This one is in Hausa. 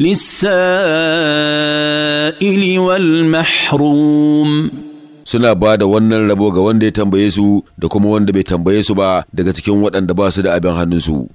للسائل mahrum. suna ba da wannan rabo ga wanda ya tambaye su da kuma wanda bai tambaye su ba daga cikin waɗanda ba su da abin hannunsu.